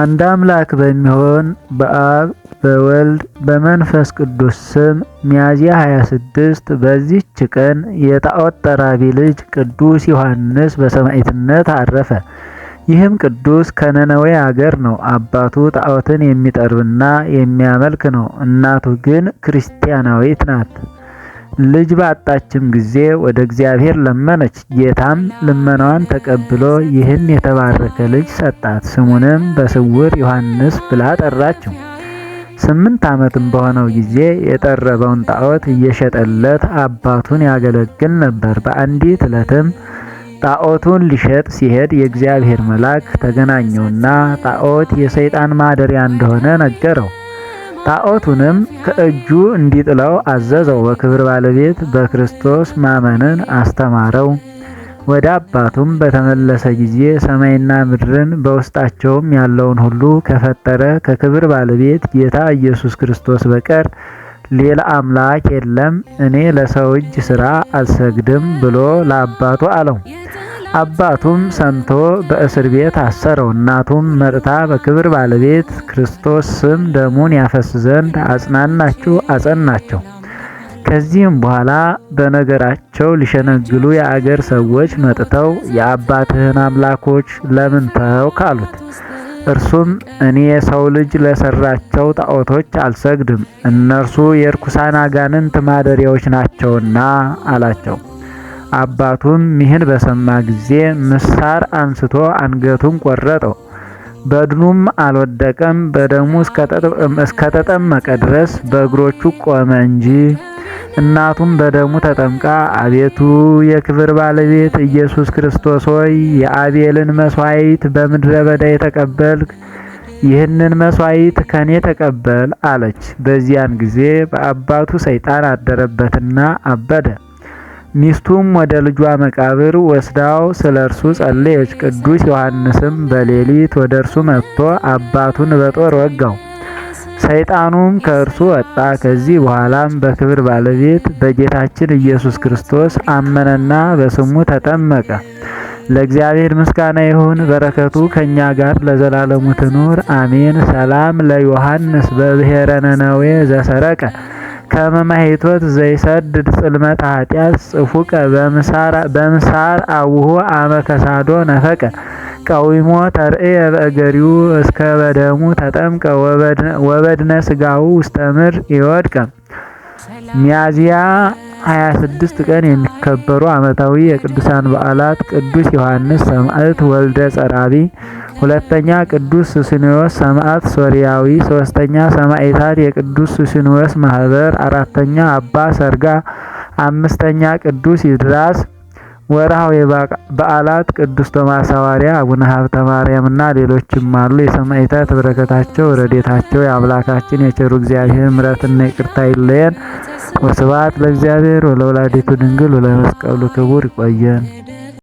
አንድ አምላክ በሚሆን በአብ በወልድ በመንፈስ ቅዱስ ስም ሚያዝያ 26 በዚች ቀን የጣዖት ጠራቢ ልጅ ቅዱስ ዮሐንስ በሰማዕትነት አረፈ። ይህም ቅዱስ ከነነዌ አገር ነው። አባቱ ጣዖትን የሚጠርብና የሚያመልክ ነው። እናቱ ግን ክርስቲያናዊት ናት። ልጅ ባጣችም ጊዜ ወደ እግዚአብሔር ለመነች። ጌታም ልመናዋን ተቀብሎ ይህን የተባረከ ልጅ ሰጣት። ስሙንም በስውር ዮሐንስ ብላ ጠራችው። ስምንት ዓመትም በሆነው ጊዜ የጠረበውን ጣዖት እየሸጠለት አባቱን ያገለግል ነበር። በአንዲት ዕለትም ጣዖቱን ሊሸጥ ሲሄድ የእግዚአብሔር መልአክ ተገናኘውና ጣዖት የሰይጣን ማደሪያ እንደሆነ ነገረው። ጣዖቱንም ከእጁ እንዲጥለው አዘዘው። በክብር ባለቤት በክርስቶስ ማመንን አስተማረው። ወደ አባቱም በተመለሰ ጊዜ ሰማይና ምድርን በውስጣቸውም ያለውን ሁሉ ከፈጠረ ከክብር ባለቤት ጌታ ኢየሱስ ክርስቶስ በቀር ሌላ አምላክ የለም፣ እኔ ለሰው እጅ ሥራ አልሰግድም ብሎ ለአባቱ አለው። አባቱም ሰምቶ በእስር ቤት አሰረው። እናቱም መጥታ በክብር ባለቤት ክርስቶስ ስም ደሙን ያፈስ ዘንድ አጽናናቸው አጸናቸው። ከዚህም በኋላ በነገራቸው ሊሸነግሉ የአገር ሰዎች መጥተው የአባትህን አምላኮች ለምን ተውክ አሉት። እርሱም እኔ የሰው ልጅ ለሰራቸው ጣዖቶች አልሰግድም፣ እነርሱ የርኩሳን አጋንንት ማደሪያዎች ናቸውና አላቸው። አባቱም ይህን በሰማ ጊዜ ምሳር አንስቶ አንገቱን ቆረጠው። በድኑም አልወደቀም፣ በደሙ እስከተጠመቀ ድረስ በእግሮቹ ቆመ እንጂ። እናቱም በደሙ ተጠምቃ አቤቱ የክብር ባለቤት ኢየሱስ ክርስቶስ ሆይ የአቤልን መስዋዕት በምድረ በዳ የተቀበልክ ይህንን መስዋዕት ከኔ ተቀበል አለች። በዚያን ጊዜ በአባቱ ሰይጣን አደረበትና አበደ። ሚስቱም ወደ ልጇ መቃብር ወስዳው ስለ እርሱ ጸለየች። ቅዱስ ዮሐንስም በሌሊት ወደ እርሱ መጥቶ አባቱን በጦር ወጋው፣ ሰይጣኑም ከእርሱ ወጣ። ከዚህ በኋላም በክብር ባለቤት በጌታችን ኢየሱስ ክርስቶስ አመነና በስሙ ተጠመቀ። ለእግዚአብሔር ምስጋና ይሁን፣ በረከቱ ከእኛ ጋር ለዘላለሙ ትኑር አሜን። ሰላም ለዮሐንስ በብሔረ ነነዌ ዘሰረቀ ከመ ማኅቶት ዘይሰድድ ጽልመተ ኃጢአት ጽፉቀ በምሳር አውሆ አመ ከሳዶ ነፈቀ ቀዊሞ ተርእየ በእገሪሁ እስከ በደሙ ተጠምቀ ወበድነ ስጋው ውስተ ምድር ይወድቀ። ሚያዝያ 26 ቀን የሚከበሩ ዓመታዊ የቅዱሳን በዓላት፦ ቅዱስ ዮሐንስ ሰማዕት ወልደ ጸራቢ ሁለተኛ ቅዱስ ሱስንዮስ ሰማዕት ሶሪያዊ ሶስተኛ ሰማዕታት የቅዱስ ሱስንዮስ ማህበር፣ አራተኛ አባ ሰርጋ፣ አምስተኛ ቅዱስ ይድራስ። ወርሃዊ በዓላት ቅዱስ ቶማስ ሐዋርያ፣ አቡነ ሀብተ እና ሌሎችም አሉ። የሰማዕታት በረከታቸው ረዴታቸው የአምላካችን የቸሩ እግዚአብሔር ምሕረትና ይቅርታ ይለየን። ወስብሐት ለእግዚአብሔር ወለወላዲቱ ድንግል ወለመስቀሉ ክቡር። ይቆየን።